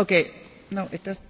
okay no it does